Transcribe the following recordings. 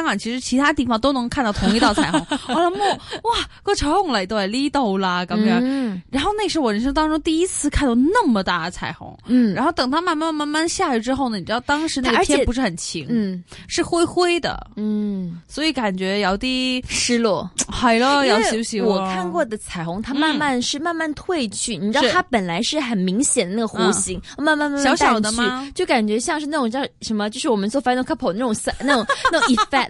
香港其實其他地方都能看到同一道彩虹。我 諗哇，個朝紅雷都喺呢度啦咁樣，嗯。然後那是我人生當中第一次看到那麼大的彩虹。嗯。然後等它慢慢慢慢下去之後呢，你知道當時那個天，而且天不是很晴，嗯，是灰灰的，嗯，所以感覺有啲失落。係咯，有少少。我看過的彩虹，它慢慢是慢慢褪去，嗯。你知道它本來是很明顯的那個弧形，嗯，慢慢慢慢淡去小小的嗎，就感覺像是那種叫什麼，就是我們做 final couple 的那種 那種那種 effect。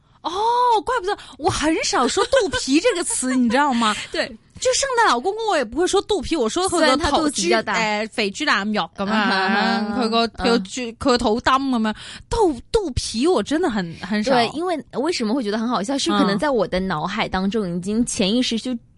哦，怪不得我很少說“肚皮”這個詞， 你知道嗎？ 對，就聖誕老公公，我也不會說“肚皮”，我說他的頭巨他肚子大、肥、哎、豬大、肉。咁啊，佢個佢巨佢頭燈咁啊，肚肚，肚，肚，肚皮我真的很很少，對，因為為什麼會覺得很好笑？是可能在我的腦海當中已經潛意識就。嗯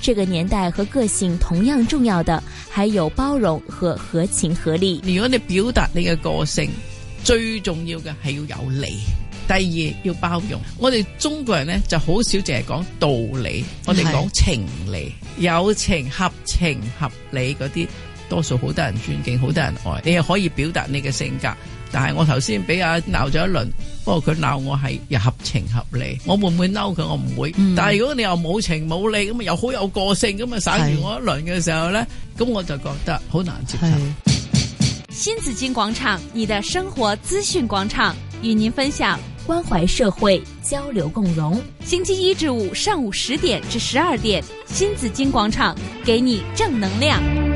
這個年代和個性同樣重要的，還有包容和合情合理。如果你表達你嘅個性，最重要嘅係要有理，第二要包容。我哋中國人呢，就好少淨係講道理，我哋講情理，有情合情合理嗰啲，多數好多人尊敬，好多人愛你又可以表達你嘅性格。但係我頭先俾阿鬧咗一輪，不過佢鬧我係又合情合理，我會唔會嬲佢？我唔會。嗯、但係如果你又冇情冇理咁又好有個性咁啊，耍住我一輪嘅時候呢，咁我就覺得好難接受。 新紫荊廣場，你的生活資訊廣場，與您分享關懷社會、交流共融。星期一至五上午十點至十二點，新紫荊廣場，給你正能量。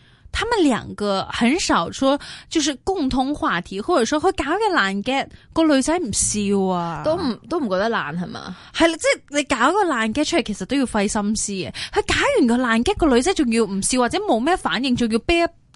他們兩個很少說，就是共通話題，或者說佢搞嘅爛 get 個女仔唔笑啊，都唔都唔覺得爛係嘛？係即係你搞個爛 get 出嚟，其實都要費心思嘅。佢搞完個爛 get 個女仔仲要唔笑或者冇咩反應，仲要啤一。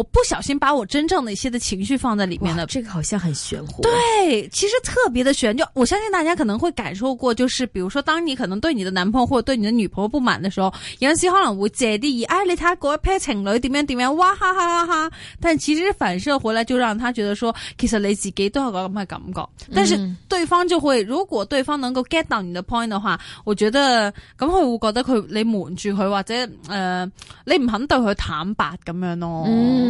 我不小心把我真正的一些的情緒放在裏面呢，這個好像很玄乎。對，其實特別的玄。就我相信大家可能會感受過，就是比如說，當你可能對你的男朋友或者對你的女朋友不滿的時候，有陣時可能會借啲意，哎，你睇下嗰一 pair 情侶點樣點樣，哇哈哈哈。哈，但其實反射回來，就讓他覺得說，其實你自己都有個咁嘅感覺。但是對方就會，如果對方能夠 get 到你的 point 的話，我覺得咁佢會覺得佢你瞞住佢，或者誒、呃、你唔肯對佢坦白咁樣咯、哦。嗯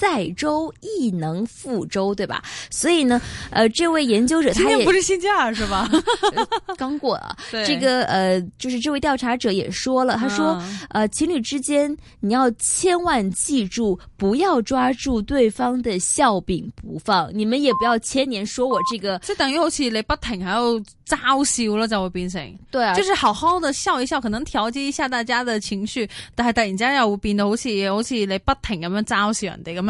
載舟亦能覆舟，對吧？所以呢，呃，這位研究者他也不是仙家是吧？ 剛過啊。對。這個呃，就是這位調查者也說了，他說，嗯、呃，情侶之間你要千萬記住，不要抓住對方的笑柄不放。你們也不要千年說我這個。就等於好似你不停還要嘲笑啦就會變成對啊，就是好好的笑一笑，可能調節一下大家的情緒，但係突然間又會變得好似好似你不停咁樣嘲笑人哋咁樣。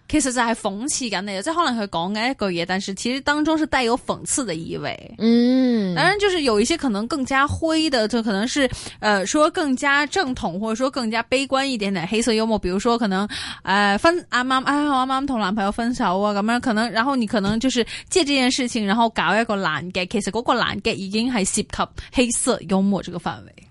其實就係諷刺感，即可能佢講緊一個嘢，但是其實當中是帶有諷刺的意味。嗯，當然就是有一些可能更加灰的，就可能是呃說更加正統或者說更加悲觀一點點的黑色幽默，比如說可能呃分啱啱、啊、哎呀、啊啊啊、我啱啱同男朋友分手啊，咁樣可能然後你可能就是借這件事情然後搞一個爛梗，其實嗰個爛梗已經係涉及黑色幽默這個範圍。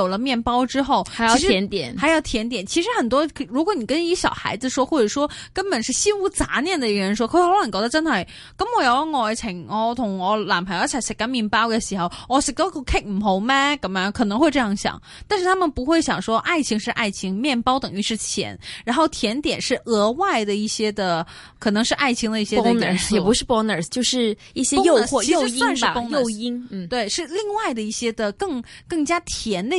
有了麵包之後，還要甜點，還要甜點。其實很多，如果你跟一小孩子說，或者說根本是心無雜念的一個人說，可可可，你覺得真係。咁我有愛情，我同我男朋友一齊食緊麵包嘅時候，我食到個 cake 唔好咩？咁樣，可能會這樣想。但是他們不會想說，愛情是愛情，麵包等於是錢，然後甜點是額外的一些的，可能是愛情的一些的 bonus，也不是 bonus，就是一些誘惑誘因吧，bonus，誘因。嗯，對，是另外的一些的更更加甜的。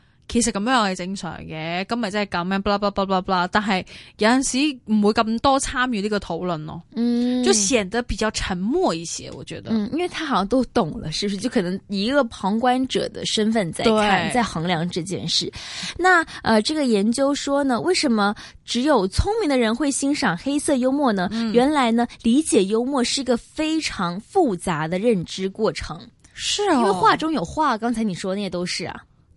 其實咁樣我係正常嘅，今日真係咁樣，bla bla bla bla bla。但係有陣時唔會咁多參與呢個討論咯，嗯，就顯得比較沉默一些，我覺得。嗯，因為他好像都懂了，是不是？就可能以一個旁觀者的身份在看，在衡量這件事。那，呃，這個研究說呢，為什麼只有聰明的人會欣賞黑色幽默呢？嗯？原來呢，理解幽默是一個非常複雜的認知過程。是啊、哦，因為話中有話，剛才你說的那些都是啊。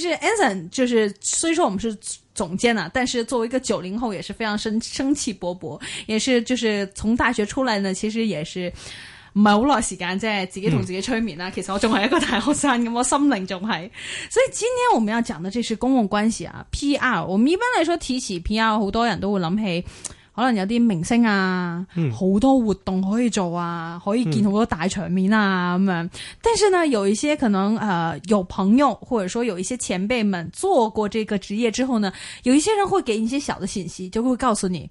其實 Anson 就是，雖說我們是總監啊，但是作為一個九零後，也是非常生生氣勃勃，也是就是從大學出來呢，其實也是唔係好耐時間，即係自己同自己催眠啦、啊嗯。其實我仲係一個大學生咁，我心靈仲係。所以今天我們要講的這是公共關係啊，PR。我們一般來說提起 PR，好多人都會諗起。可能有啲明星啊，好多，嗯，活動可以做啊，可以見好多大場面啊咁樣、嗯。但是呢，有一些可能呃有朋友或者說有一些前輩們做過這個職業之後呢，有一些人會給你一些小的信息，就會告訴你。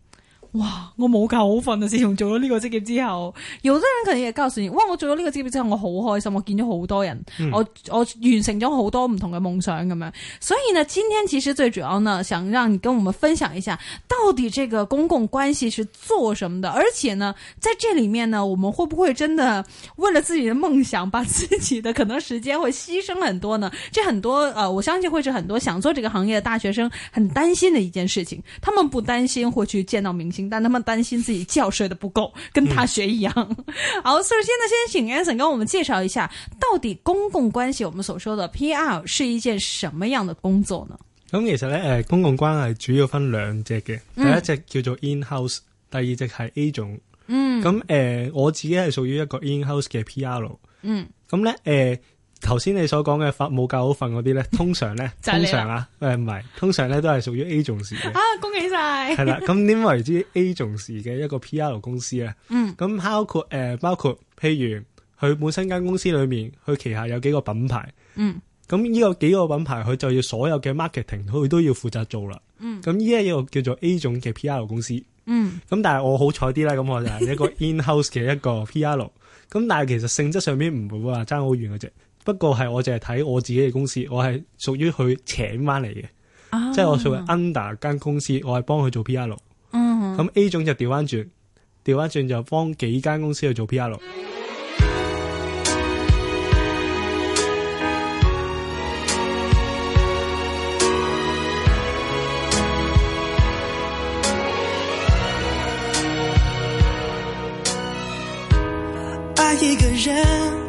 哇！我冇覺好瞓啊！自從做咗呢個職業之後，有的人可能也告訴你，哇！我做咗呢個職業之後，我好開心，我見咗好多人，嗯、我我完成咗好多唔同嘅夢想咁樣。所以呢，今天其實最主要呢，想讓你跟我們分享一下，到底這個公共關係是做什麼的？而且呢，在這裏面呢，我們會不會真的為了自己的夢想，把自己的可能時間會犧牲很多呢？這很多，呃，我相信會是很多想做這個行業的大學生很擔心的一件事情。他們不擔心會去見到明星。但他們擔心自己覺睡得不夠，跟大學一樣、嗯。好，所以現在先請 Anson 跟我們介紹一下，到底公共關係我們所說的 PR 是一件什麼樣的工作呢？咁，嗯、其實咧，誒，公共關係主要分兩隻嘅，第一隻叫做 In House，第二隻係 A 種。嗯、咁，嗯、誒、呃，我自己係屬於一個 In House 嘅 PR 嗯。嗯、咁，嗯、咧，誒。頭先你所講嘅法務，教好訓嗰啲咧，通常咧， 通常啊，誒唔係，通常咧都係屬於 A 種嘅。恭喜晒！係 啦，咁點為之 A 種嘅一個 PR 公司咧？嗯，咁包括誒、呃，包括譬如佢本身間公司裏面，佢旗下有幾個品牌。嗯，咁呢個幾個品牌，佢就要所有嘅 marketing，佢都要負責做啦。嗯，咁呢個叫做 A 種嘅 PR 公司。嗯，咁但係我好彩啲啦，咁我就係一個 in house 嘅一個 PR。 咁但係其實性質上面唔會話爭好遠嘅啫。不過，係我淨係睇我自己嘅公司，我係屬於佢請翻嚟嘅，oh. 即係我屬於 under 間公司，我係幫佢做 PR 六。咁、mm -hmm. A 總就調翻轉，調翻轉就幫幾間公司去做 PR 六。愛一個人。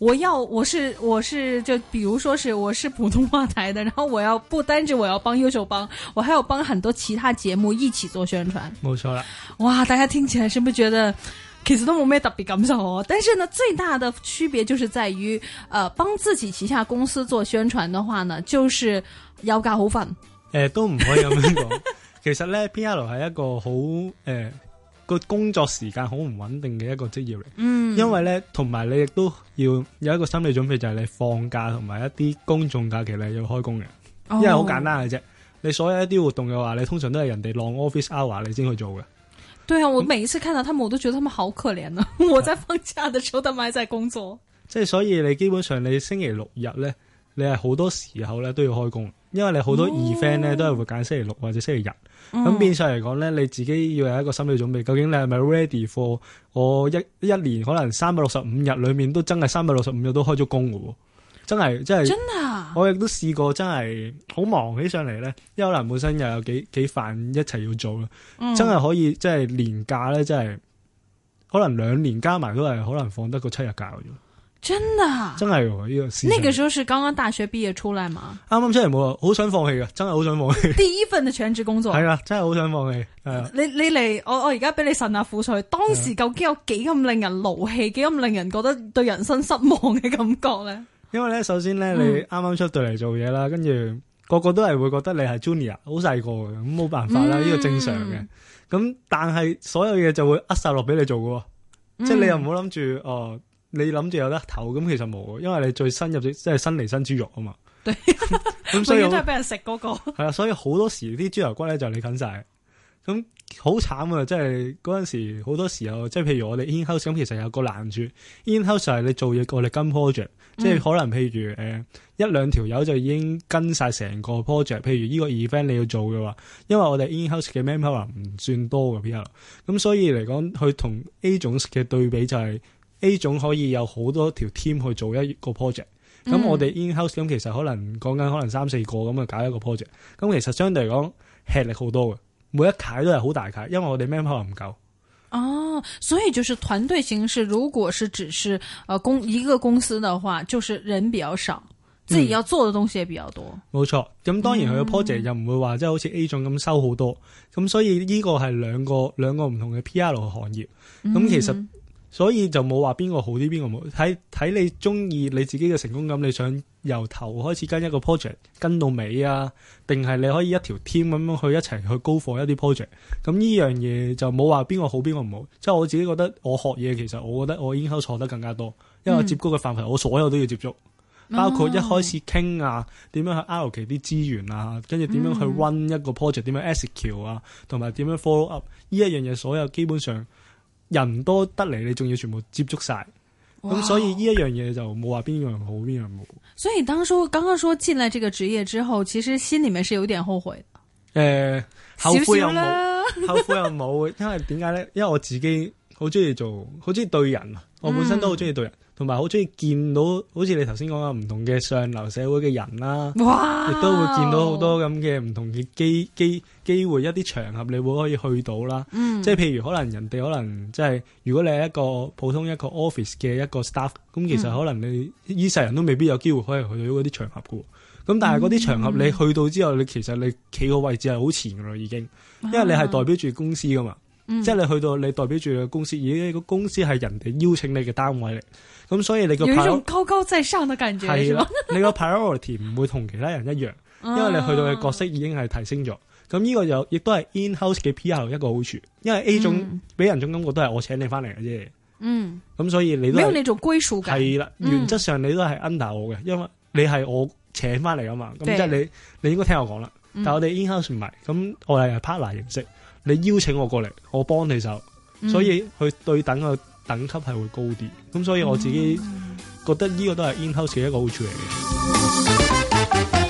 我要我是我是就比如說是我是普通話台的，然後我要不單止我要幫優秀幫，我還要幫很多其他節目一起做宣傳。冇錯啦！哇，大家聽起來是不是覺得其實都冇咩特別感受哦、啊？但是呢，最大的區別就是在於，呃，幫自己旗下公司做宣傳的話呢，就是腰杆好粉。誒、呃，都唔可以咁講。 其實呢 PL 是一個好誒。呃個工作時間好唔穩定嘅一個職業嚟，嗯，因為咧，同埋你亦都要有一個心理準備，就係、是、你放假同埋一啲公眾假期咧要開工嘅、哦，因為好簡單嘅啫。你所有一啲活動嘅話，你通常都係人哋 long office hour 你先去做嘅。對啊，我每一次看到他們，我都覺得他們好可憐啊、嗯！我在放假嘅時候，他們喺度工作。即、就、係、是、所以，你基本上你星期六日咧，你係好多時候咧都要開工。因為你好多 event 咧，都係會揀星期六或者星期日，咁、嗯、變相嚟講咧，你自己要有一個心理準備，究竟你係咪 ready for？我一一年可能三百六十五日裏面都真係三百六十五日都開咗工嘅，真係真係。真啊！我亦都試過真係好忙起上嚟咧，因為可能本身又有幾幾份一齊要做啦，真係可以即係、嗯、年假咧，真係可能兩年加埋都係可能放得個七日假嘅啫。真的，真係呢、哦，呢個時候。那個時候是剛剛大學畢業出來嘛？啱啱出嚟冇，好想放棄嘅，真係好想放棄。第一份的全職工作係啊 真係好想放棄。你你嚟，我我而家俾你神下、啊、苦水。當時究竟有幾咁令人勞氣，幾咁令人覺得對人生失望嘅感覺咧？因為咧，首先咧，你啱啱出到嚟做嘢啦，跟住個個都係會覺得你係 junior，好細個嘅，咁冇辦法啦，呢、嗯、個正常嘅。咁但係所有嘢就會壓晒落俾你做喎、嗯。即係你又唔好諗住哦。呃你諗住有得投咁，其實冇，因為你最新入即係新嚟新豬肉啊嘛。咁所以都係俾人食嗰個係啊，所以好多時啲豬頭骨咧就你啃晒，咁好慘啊！即係嗰陣時好多時候，即係譬如我哋 inhouse 咁，其實有個難處 inhouse 係你做嘢個力跟 project，即係可能譬如誒一兩條友就已經跟晒成個 project。譬如呢個 event 你要做嘅話，因為我哋 inhouse 嘅 member 唔算多嘅 people，咁所以嚟講佢同 A 種嘅對比就係。A 總可以有好多條 team 去做一個 project，咁、嗯、我哋 in house 咁其實可能講緊可能三四個咁啊搞一個 project，咁其實相對嚟講吃力好多嘅，每一屆都係好大屆，因為我哋 manpower 可能唔夠。哦，所以就是團隊形式，如果是只是公、呃、一個公司的話，就是人比較少，嗯、自己要做的東西也比較多。冇錯，咁當然佢個 project 又唔會話即係好似 A 總咁收好多，咁、嗯、所以呢個係兩個兩個唔同嘅 PR 嘅行業，咁、嗯、其實。所以就冇話邊個好啲邊個唔好，睇睇你中意你自己嘅成功感，你想由頭開始跟一個 project 跟到尾啊，定係你可以一條 team 咁樣去一齊去高貨一啲 project，咁呢樣嘢就冇話邊個好邊個唔好，即係我自己覺得我學嘢其實我覺得我已經好錯得更加多，因為我接觸嘅範圍我所有都要接觸，包括一開始傾啊，點、哦、樣去拉期啲資源啊，跟住點樣去 run 一個 project，點、嗯、樣 execute 啊，同埋點樣 follow up，呢一樣嘢所有基本上。人多得嚟，你仲要全部接觸晒。咁、wow. 嗯、所以呢一樣嘢就冇話邊樣好邊樣冇。所以當初剛剛說進入這個職業之後，其實心裏面是有點後悔嘅。誒、呃，後悔又冇，行行 後悔又冇，因為點解咧？因為我自己好中意做好中意對人啊，我本身都好中意對人。嗯同埋好中意見到，好似你頭先講嘅唔同嘅上流社會嘅人啦，亦、wow! 都會見到好多咁嘅唔同嘅機機機會，一啲場合你會可以去到啦。即、嗯、係譬如可能人哋可能即係如果你係一個普通一個 office 嘅一個 staff，咁其實可能你一世、嗯、人都未必有機會可以去到嗰啲場合嘅喎。咁但係嗰啲場合你去到之後，嗯、你其實你企個位置係好前㗎啦，已經，因為你係代表住公司㗎嘛。嗯、即係你去到，你代表住嘅公司，而個公司係人哋邀請你嘅單位嚟，咁所以你個 prior... 高高在上嘅感覺係啦 你個 priority 唔會同其他人一樣，因為你去到嘅角色已經係提升咗。咁、啊、呢個又亦都係 in house 嘅 PR 一個好處，因為 A 種俾、嗯、人種感覺都係我請你翻嚟嘅啫。嗯，咁所以你都俾你做歸屬係啦。原則上你都係 under 我嘅，因為你係我請翻嚟啊嘛。咁、嗯、即係你，你應該聽我講啦、嗯。但係我哋 in house 唔係，咁我哋係 partner 形式。你邀請我過嚟，我幫你手、嗯，所以佢對等嘅等級係會高啲，咁所以我自己覺得呢個都係 in-house 嘅一個好處嚟嘅。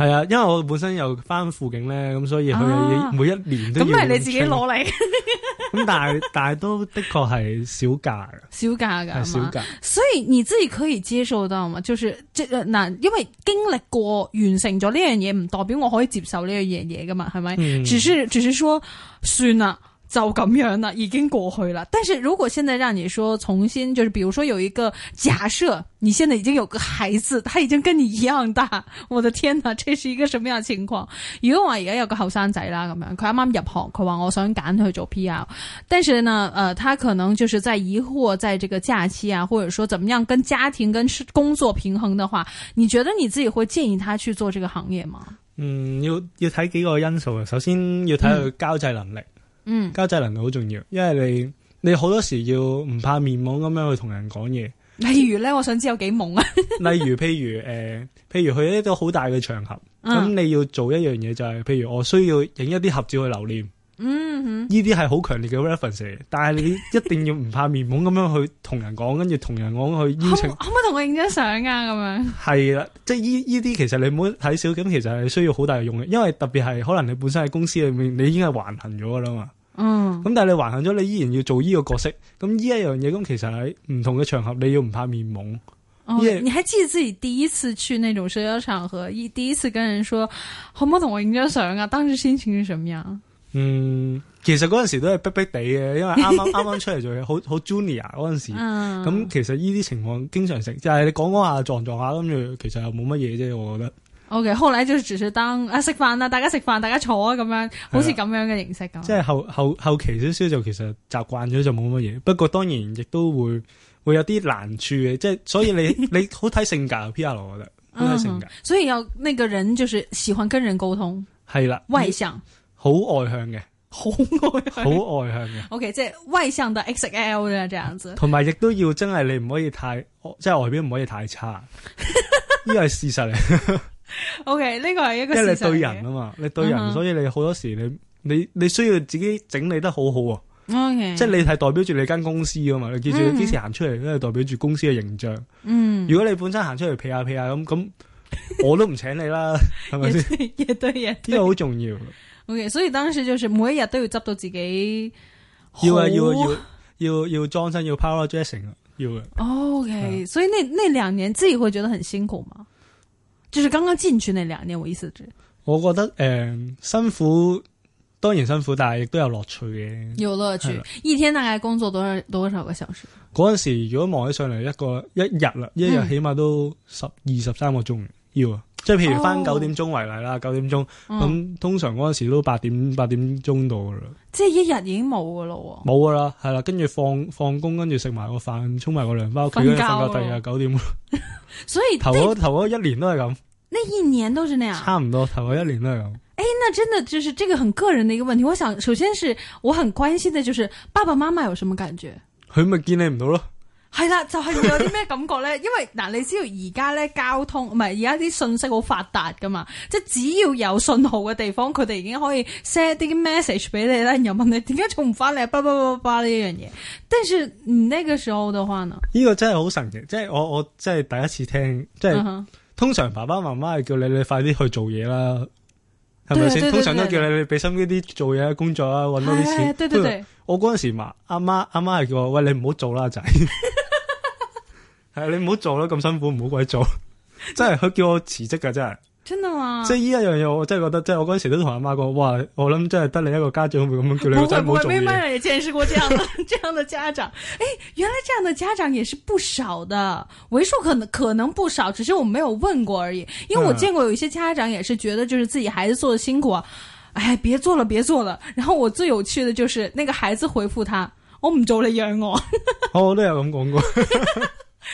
係啊，因為我本身又翻輔警咧，咁所以佢每一年都咁係、啊、你自己攞嚟。咁 但係但係都的確係小價小價噶，小價。所以你自己可以接受到嘛？就是即係嗱，因為經歷過完成咗呢樣嘢，唔代表我可以接受呢樣嘢㗎嘛，係咪、嗯？只是只是說算啦。就咁樣啦，已經過去啦。但是如果現在讓你說重新，就是，比如說有一個假設，你現在已經有個孩子，他已經跟你一樣大，我的天哪，啊，這是一個什麼樣的情況？如果話而家有個後生仔啦，咁樣，佢啱啱入行，佢話我想揀去做 PR，但是呢，呃，他可能就是在疑惑，在這個假期啊，或者說，怎麼樣跟家庭跟工作平衡的話，你覺得你自己會建議他去做這個行業嗎？嗯，要要睇幾個因素，首先要睇佢交際能力。嗯嗯，交際能力好重要，因為你你好多時要唔怕面懵咁樣去同人講嘢。例如咧，我想知有幾懵啊？ 例如，譬如誒、呃，譬如去一個好大嘅場合，咁、嗯、你要做一樣嘢就係、是，譬如我需要影一啲合照去留念。嗯，呢啲係好強烈嘅 reference，但係你一定要唔怕面懵咁樣去同人講，跟住同人講去邀請。可唔可以同我影張相啊？咁 樣係啦，即係呢呢啲其實你唔好睇小，咁其實係需要好大嘅用嘅，因為特別係可能你本身喺公司裏面你已經係橫行咗噶啦嘛。嗯，咁但係你橫行咗，你依然要做呢個角色，咁呢一樣嘢，咁其實喺唔同嘅場合，你要唔怕面懵、哦。你還記得自己第一次去那種社交場合，第一次跟人說可唔可同我影張相啊？當時心情是什麼樣？嗯，其實嗰陣時都係逼逼地嘅，因為啱啱啱啱出嚟做嘢，好好 junior 嗰陣時，咁、嗯、其實呢啲情況經常食，就係、是、你講講下撞撞下，跟住其實又冇乜嘢啫，我覺得。O、okay, K，後來就只是當啊，食飯啦，大家食飯，大家坐啊，咁樣，好似咁樣嘅形式咁。即係後後後期少少就其實習慣咗就冇乜嘢，不過當然亦都會會有啲難處嘅，即、就、係、是、所以你你好睇性格 P R 羅， 我覺得好睇性格、嗯。所以有呢個人就是喜歡跟人溝通，係啦，外向，好外向嘅，好外，好外向嘅。O K，即係外向的 X L 啦， okay, 這樣子。同埋亦都要真係你唔可以太即係外表唔可以太差，呢個係事實嚟。 O K，呢個係一個事，因為你係對人啊嘛、嗯，你對人，所以你好多時你你你需要自己整理得好好啊。O、okay, K，即係你係代表住你間公司噶嘛，你記住你幾時行出嚟都係代表住公司嘅形象。嗯，如果你本身行出嚟皮下皮下咁咁，我都唔請你啦，係咪先？一堆嘢呢個好重要。O、okay, K，所以當時就是每一日都要執到自己好，要啊要要要要裝身要 power dressing 啊，要啊。O、啊、K，、okay, 啊、所以呢呢兩年自己會覺得很辛苦嘛？就是剛剛進去那兩年，我意思係，我覺得誒、呃、辛苦，當然辛苦，但係亦都有樂趣嘅，有樂趣。一天大概工作多少多少個小時？嗰陣時如果望起上嚟一個一日啦，一日起碼都十、嗯、二十三個鐘要啊。即係譬如翻九點鐘為例啦，九、哦、點鐘咁、嗯、通常嗰陣時都八點八點鐘到噶啦，即係一日已經冇噶啦，冇噶啦，係啦，跟住放放工，跟住食埋個飯，沖埋個涼，翻屋企瞓覺，瞓覺第二日九點。 所以頭嗰頭，頭一年都係咁，呢一年都是那樣，差唔多頭嗰一年都係咁。誒、欸，那真的就是這個很個人嘅一個問題。我想，首先是我很關心嘅，就是爸爸媽媽有什麼感覺？佢咪見你唔到咯。係啦，就係、會、有啲咩感覺咧？ 因為嗱，你知道而家咧，交通唔係，而家啲信息好發達噶嘛，即係只要有信號嘅地方，佢哋已經可以 send 啲 message 俾你啦。又問你點解仲唔翻嚟？叭叭叭叭呢樣嘢。但住，唔叻嘅時候的話呢？呢、這個真係好神奇，即係我我真係第一次聽，即係、uh-huh. 通常爸爸媽媽係叫你你快啲去做嘢啦，係咪先？通常都叫你你俾心機啲做嘢工作啊，搵多啲錢。對對對對，我嗰陣時阿媽阿媽係叫我喂，你唔好做啦，仔。 你唔好做啦，咁辛苦唔好鬼做，真係佢叫我辭職㗎真係。真啊！即係依一樣嘢，我真係覺得，即係我嗰時都同阿媽講，哇！我諗真係得你一個家長會咁樣叫你做咁多作業。我我我，也見識過這樣的 這樣的家長。欸，原來這樣的家長也是不少的，為數可能可能不少，只是我沒有問過而已。因為我見過有一些家長也是覺得，就是自己孩子做得辛苦，哎，別做了，別做了。然後我最有趣的就是，那個孩子回覆他：我唔做你養我。 我都有咁講過。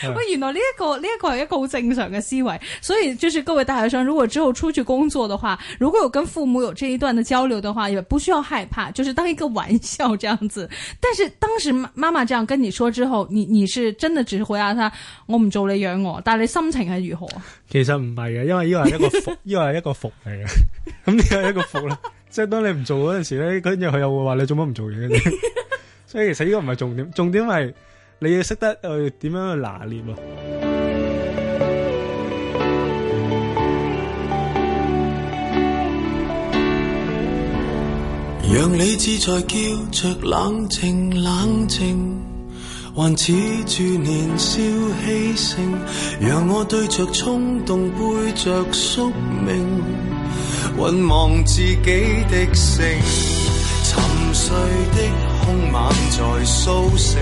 喂，原來呢、這個這個、一個呢一個係一個好正常嘅思維，所以就是各位大學生，如果之後出去工作的話，如果有跟父母有這一段的交流的話，也不需要害怕，就是當一個玩笑這樣子。但是當時媽媽這樣跟你說之後，你你是真的只是回答他，我唔做你養我，但係你心情係如何啊？其實唔係嘅，因為呢個係一個福，呢個係一個福嚟嘅。咁呢個係一個福咧， 即係當你唔做嗰陣時咧，跟住佢又會話你做乜唔做嘢，所以其實呢個唔係重點，重點係。你要識得去點、呃、樣去拿捏啊！讓理智在叫着「冷靜冷靜」，還恃住年少氣盛，讓我對着衝動背着宿命，渾忘自己的性，沉睡的凶猛在蘇醒。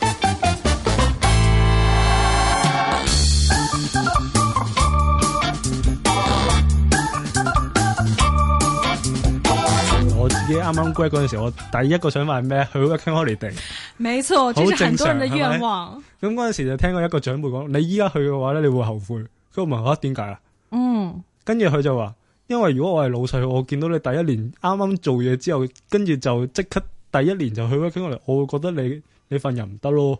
啱啱歸嗰陣時，我第一個想法係咩去 working holiday。沒錯，好正常。咁嗰陣時候就聽過一個長輩講：你依家去嘅話咧，你會後悔。佢問我：點解啊？嗯，跟住佢就話：因為如果我係老細，我見到你第一年啱啱做嘢之後，跟住就即刻第一年就去 working holiday。我會覺得你你份人唔得咯。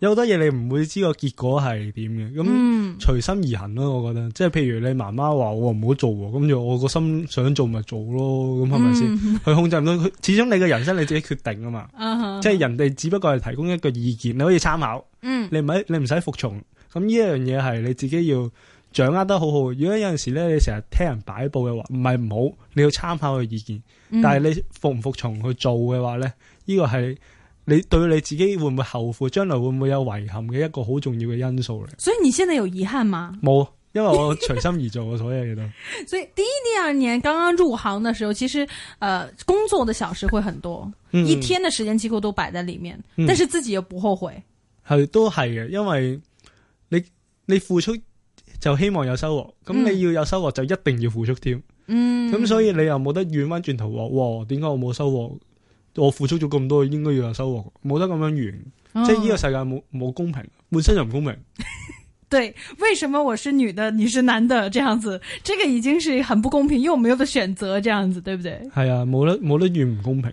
有好多嘢你唔會知個結果係點嘅，咁隨心而行咯、啊。我覺得，即、嗯、係譬如你媽媽話我唔好做喎，咁就我個心想做咪做咯，咁係咪先？佢、嗯、控制唔到，佢始終你嘅人生你自己決定啊嘛。啊啊即係人哋只不過係提供一個意見，你可以參考。嗯，你唔使你唔使服從。咁呢一樣嘢係你自己要掌握得好好。如果有陣時咧，你成日聽人擺佈嘅話，唔係唔好，你要參考佢意見，嗯、但係你服唔服從去做嘅話咧，呢、呢個係。你對你自己會唔會後悔？將來會唔會有遺憾嘅一個好重要嘅因素嚟。所以你現在有遺憾嗎？冇，因為我隨心而做，我 所有嘢都。所以第一、第二年剛剛入行的時候，其實，誒、呃，工作嘅小時會很多，嗯、一天嘅時間幾乎都擺在裏面，但是自己又不後悔。係、嗯、都係嘅，因為你你付出就希望有收穫，咁、嗯、你要有收穫就一定要付出添。嗯。咁所以你又冇得遠彎轉頭話，點解我冇收穫？我付出咗咁多應該，應該要有收穫，冇得咁樣完，哦、即係呢個世界冇冇公平，本身就唔公平。 對，為什麼我是女的，你是男的，這樣子，這個已經是很不公平，又沒有得選擇，這樣子，對不對？係啊，冇得冇得完，唔公平。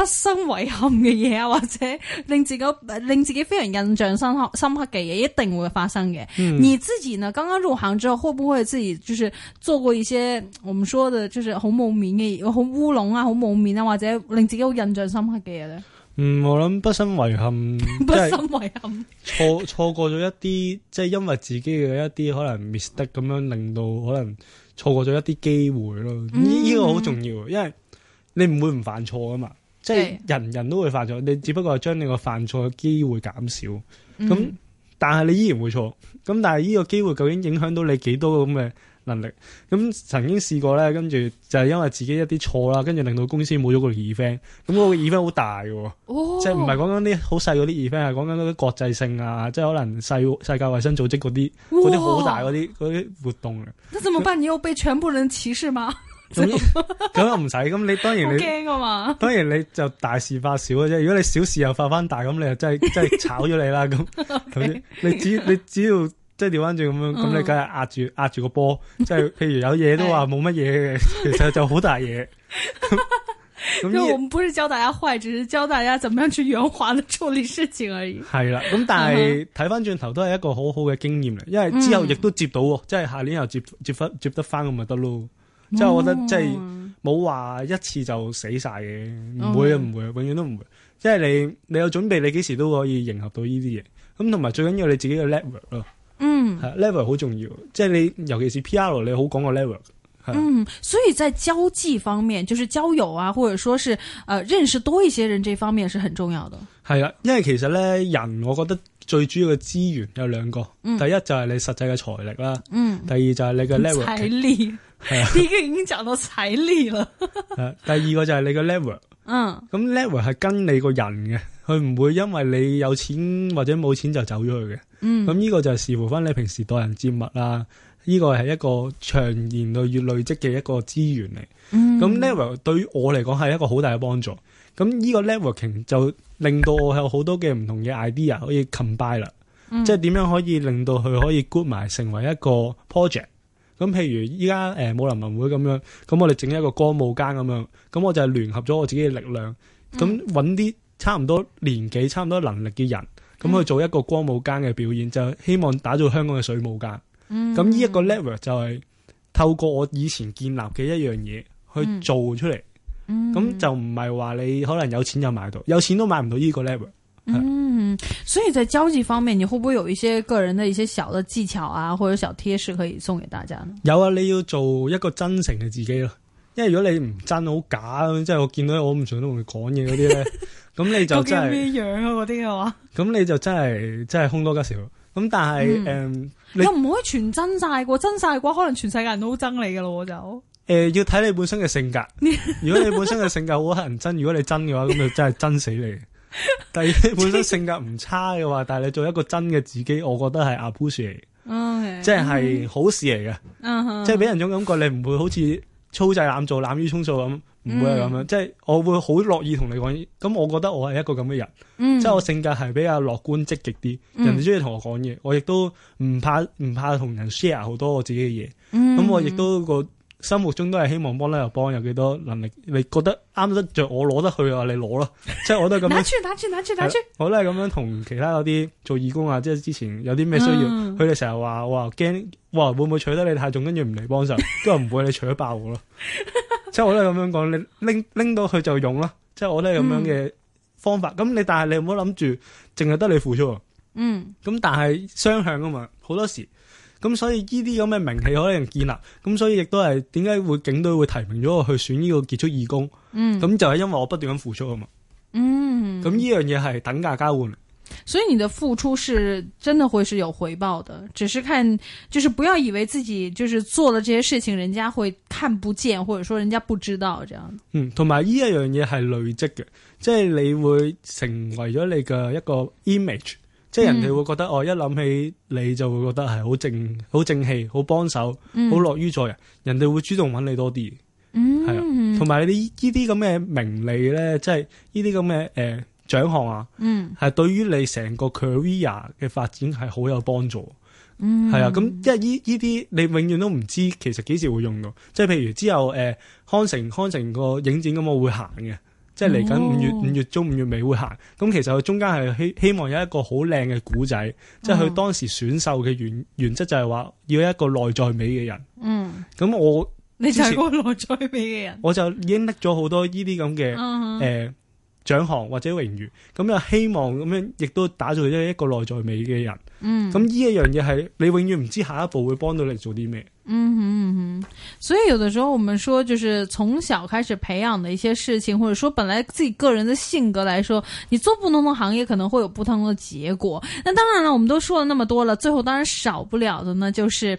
不生遺憾嘅嘢啊，或者令自己令自己非常印象深刻深刻嘅嘢，一定會發生嘅。而之前啊，剛剛入行之後，會不會自己就是做過一些我們說的，就是好冇面嘅好烏龍啊，好冇面啊，或者令自己好印象深刻嘅嘢咧？嗯，我諗不生遺憾， 不生遺憾錯，錯 錯過咗一啲，即、就、係、是、因為自己嘅一啲可能 mistake 咁樣，令到可能錯過咗一啲機會咯。呢、嗯、個好重要，因為你唔會唔犯錯噶嘛。即係人人都會犯錯，嗯、你只不過係將你個犯錯嘅機會減少，咁、嗯、但係你依然會錯，咁但係呢個機會究竟影響到你幾多咁嘅能力？咁曾經試過咧，跟住就係因為自己一啲錯啦，跟住令到公司冇咗個 event，咁個 event 好大嘅，即係唔係講緊啲好細嗰啲 event，係講緊嗰啲國際性啊，即係可能世世界衛生組織嗰啲嗰啲好大嗰啲嗰啲活動。那怎麼辦？你又被全部人歧視嗎？ 咁咁又唔使，咁你當然你驚啊嘛，當然你就大事化小嘅啫。如果你小事又化翻大，咁你又真係真係炒咗你啦。咁 咁、okay.，你只你只要即係調翻轉咁樣，咁、嗯、你梗係壓住壓住個波。即、就、係、是、譬如有嘢都話冇乜嘢嘅， 其實就好大嘢。咁， 我們唔係教大家壞， 只係教大家怎樣去圓滑的處理事情而已。係 啦，咁但係睇翻轉頭都係一個好好嘅經驗嚟，因為之後亦都接到，嗯、即係下年又接接翻接，接得翻咁咪得咯。即係我覺得、哦、即係冇話一次就死晒嘅，唔、哦、會啊唔會啊永遠都唔會。即係你你有準備，你幾時都可以迎合到呢啲嘢。咁同埋最緊要你自己嘅 level 咯。嗯，係 level 好重要。即係你尤其是 PR 你好講個 level。嗯，所以在交際方面，就是交友啊，或者說是誒、呃、認識多一些人，這方面是很重要的。係啊，因為其實咧，人我覺得最主要嘅資源有兩個、嗯，第一就係你實際嘅財力啦、嗯，第二就係你嘅 level。已經已經講到財力啦。第二個就係你個 level。嗯。咁 level 係跟你個人嘅，佢唔會因為你有錢或者冇錢就走咗去嘅。嗯。咁呢個就係視乎翻你平時待人接物啦。呢個係一個長年累月累積嘅一個資源嚟。嗯。咁 level 對於我嚟講係一個好大嘅幫助。咁呢個 networking 就令到我有好多嘅唔同嘅 idea 可以 combine 啦。嗯。即係點樣可以令到佢可以 good 埋成為一個 project。咁譬如依家誒武林文會咁樣，咁我哋整一個歌舞間咁樣，咁我就係聯合咗我自己嘅力量，咁搵啲差唔多年紀、差唔多能力嘅人，咁去做一個歌舞間嘅表演，就是、希望打造香港嘅水舞間。咁呢一個 level 就係透過我以前建立嘅一樣嘢去做出嚟。咁、嗯嗯、就唔係話你可能有錢就買到，有錢都買唔到呢個 level。嗯，所以在交際方面，你會唔會有一些個人嘅一些小嘅技巧啊，或者小貼士可以送給大家呢？有啊，你要做一個真誠嘅自己咯。因為如果你唔真好假即係我見到我唔想都同你講嘢嗰啲咧，咁 你就真係咩 樣啊？嗰啲嘅話，咁你就真係真係凶多吉少。咁但係誒、嗯，又唔可以全真晒過真晒嘅話，可能全世界人都好憎你㗎。咯。就誒，要睇你本身嘅性格。 如果你本身嘅性格好乞人憎，如果你真嘅話，咁就真係真,真死你。 但係你本身性格唔差嘅話， 但係你做一個真嘅自己，我覺得係阿 Push 嚟，即係、okay. mm-hmm. 好事嚟嘅，即係俾人種感覺你唔會好似粗製濫做、濫竽充數咁，唔會係咁樣。即係、mm-hmm. 我會好樂意同你講，咁我覺得我係一個咁嘅人，即係、mm-hmm. 我性格係比較樂觀積極啲，人哋中意同我講嘢，mm-hmm. 我亦都唔怕唔怕同人 share 好多我自己嘅嘢，咁、mm-hmm. 我亦都、那個。心目中都係希望幫咧就幫，有幾多能力你覺得啱得着，我攞得去嘅話你攞咯， 即係我都係咁樣。打住打打打我都係咁樣同其他嗰啲做義工啊，即係之前有啲咩需要，佢哋成日話哇驚哇會唔會取得你太重，跟住唔嚟幫手，都話唔會， 你取得爆我咯。 即係我都係咁樣講，你拎拎到佢就用啦。即係我都係咁樣嘅方法。咁、嗯、你但係你唔好諗住淨係得你付出，嗯，咁但係雙向啊嘛，好多時。咁所以呢啲咁嘅名氣可能建立，咁所以亦都係點解會警隊會提名咗我去選呢個傑出義工，咁、嗯、就係因為我不斷咁付出啊嘛。嗯，咁呢樣嘢係等價交換。所以你的付出是真的會是有回報的，只是看，就是不要以為自己就是做了這些事情，人家會看不見，或者說人家不知道這樣。嗯，同埋呢一樣嘢係累積嘅，即係你會成為咗你嘅一個 image。即係人哋會覺得、嗯、哦，一諗起你就會覺得係好正、好正氣、好幫手、好樂於助人，人哋會主動揾你多啲。係、嗯、啊，同埋你呢啲咁嘅名利咧，即係呢啲咁嘅誒獎項啊，係、嗯、對於你成個 career 嘅發展係好有幫助。係、嗯、啊，咁即係呢啲你永遠都唔知其實幾時會用到。即係譬如之後誒康城康城個影展咁我會行嘅。即係嚟緊五月，五月中、五月尾會行，咁其實佢中間係希、希望有一個好靚嘅古仔，即係佢當時選秀嘅原、原則就係話要一個內在美嘅人。嗯，咁我、你就係個內在美嘅人，我就已經拎咗好多呢啲咁嘅誒。嗯獎項或者榮譽，咁又希望咁樣，亦都打造咗一個內在美嘅人。咁呢一樣嘢係你永遠唔知下一步會幫到你做啲咩。嗯。嗯哼，所以有的時候我們說，就是從小開始培養的一些事情，或者說本來自己個人的性格來說，你做不不同的行業可能會有不同的結果。那當然啦，我們都說了那麼多了，最後當然少不了的呢，就是。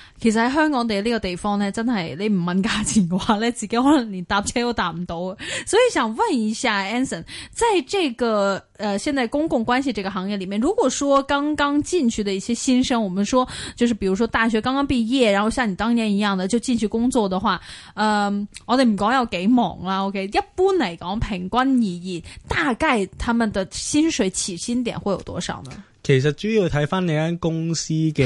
其實喺香港地呢個地方呢，真係你唔問價錢嘅話呢，自己可能連搭車都搭唔到。所以想問一下，Anson，在這個，呃現在公共關係這個行業裏面，如果說剛剛進去的一些新生，我們說，就是，比如說大學剛剛畢業，然後像你當年一樣的就進去工作的話，嗯、呃，我哋唔講有幾忙啦，OK，一般嚟講，平均而言，大概他們的薪水起薪點會有多少呢？其實主要睇翻你間公司嘅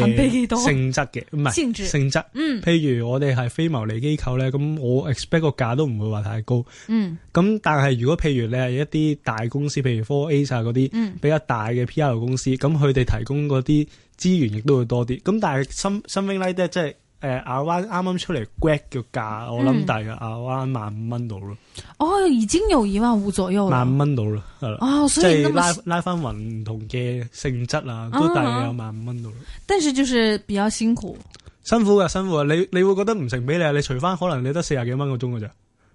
性質嘅，唔係性質，性質，嗯，譬如我哋係非牟利機構咧，咁我 expect 個價都唔會話太高，嗯，咁但係如果譬如你係一啲大公司，譬如 Four A 啊嗰啲，嗯，比較大嘅 PR 公司，咁佢哋提供嗰啲資源亦都會多啲，咁但係 something like that 咧即係。誒，亞灣啱啱出嚟 grab 嘅價，我諗大概亞灣萬五蚊到咯。哦，已經有二萬五左，啊、左右，萬萬蚊到啦。啊，所以、就是、拉拉翻運同嘅性質啊，都大概有萬五蚊到啦。但是就是比較辛苦，辛苦嘅辛苦啊！你你會覺得唔成俾你啊？你除翻可能你得四廿幾蚊個鐘嘅咋，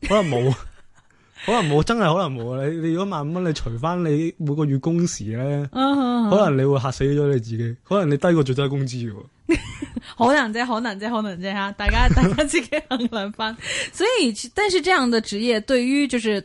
可能冇。 可能冇，真係可能冇啊。你你如果萬五蚊，你除翻你每個月工時咧、啊啊啊，可能你會嚇死咗你自己。可能你低過最低工資嘅。可 能啫，可能啫，可能啫！吓，大家大家自己衡量翻。 所以，但是這樣的職業對於就是。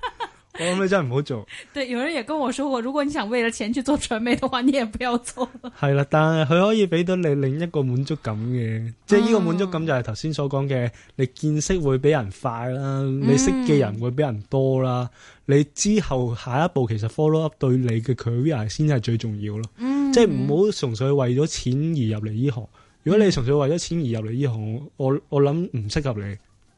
我諗你真係唔好做 。對，有人也跟我說過，如果你想為了錢去做傳媒的話，你也不要做。係啦，但係佢可以俾到你另一個滿足感嘅、嗯，即係呢個滿足感就係頭先所講嘅，你見識會比人快啦，你識嘅人會比人多啦、嗯，你之後下一步其實 follow up 對你嘅 career 先係最重要咯。嗯，即係唔好純粹為咗錢而入嚟呢行。如果你純粹為咗錢而入嚟呢行，我我諗唔適合你。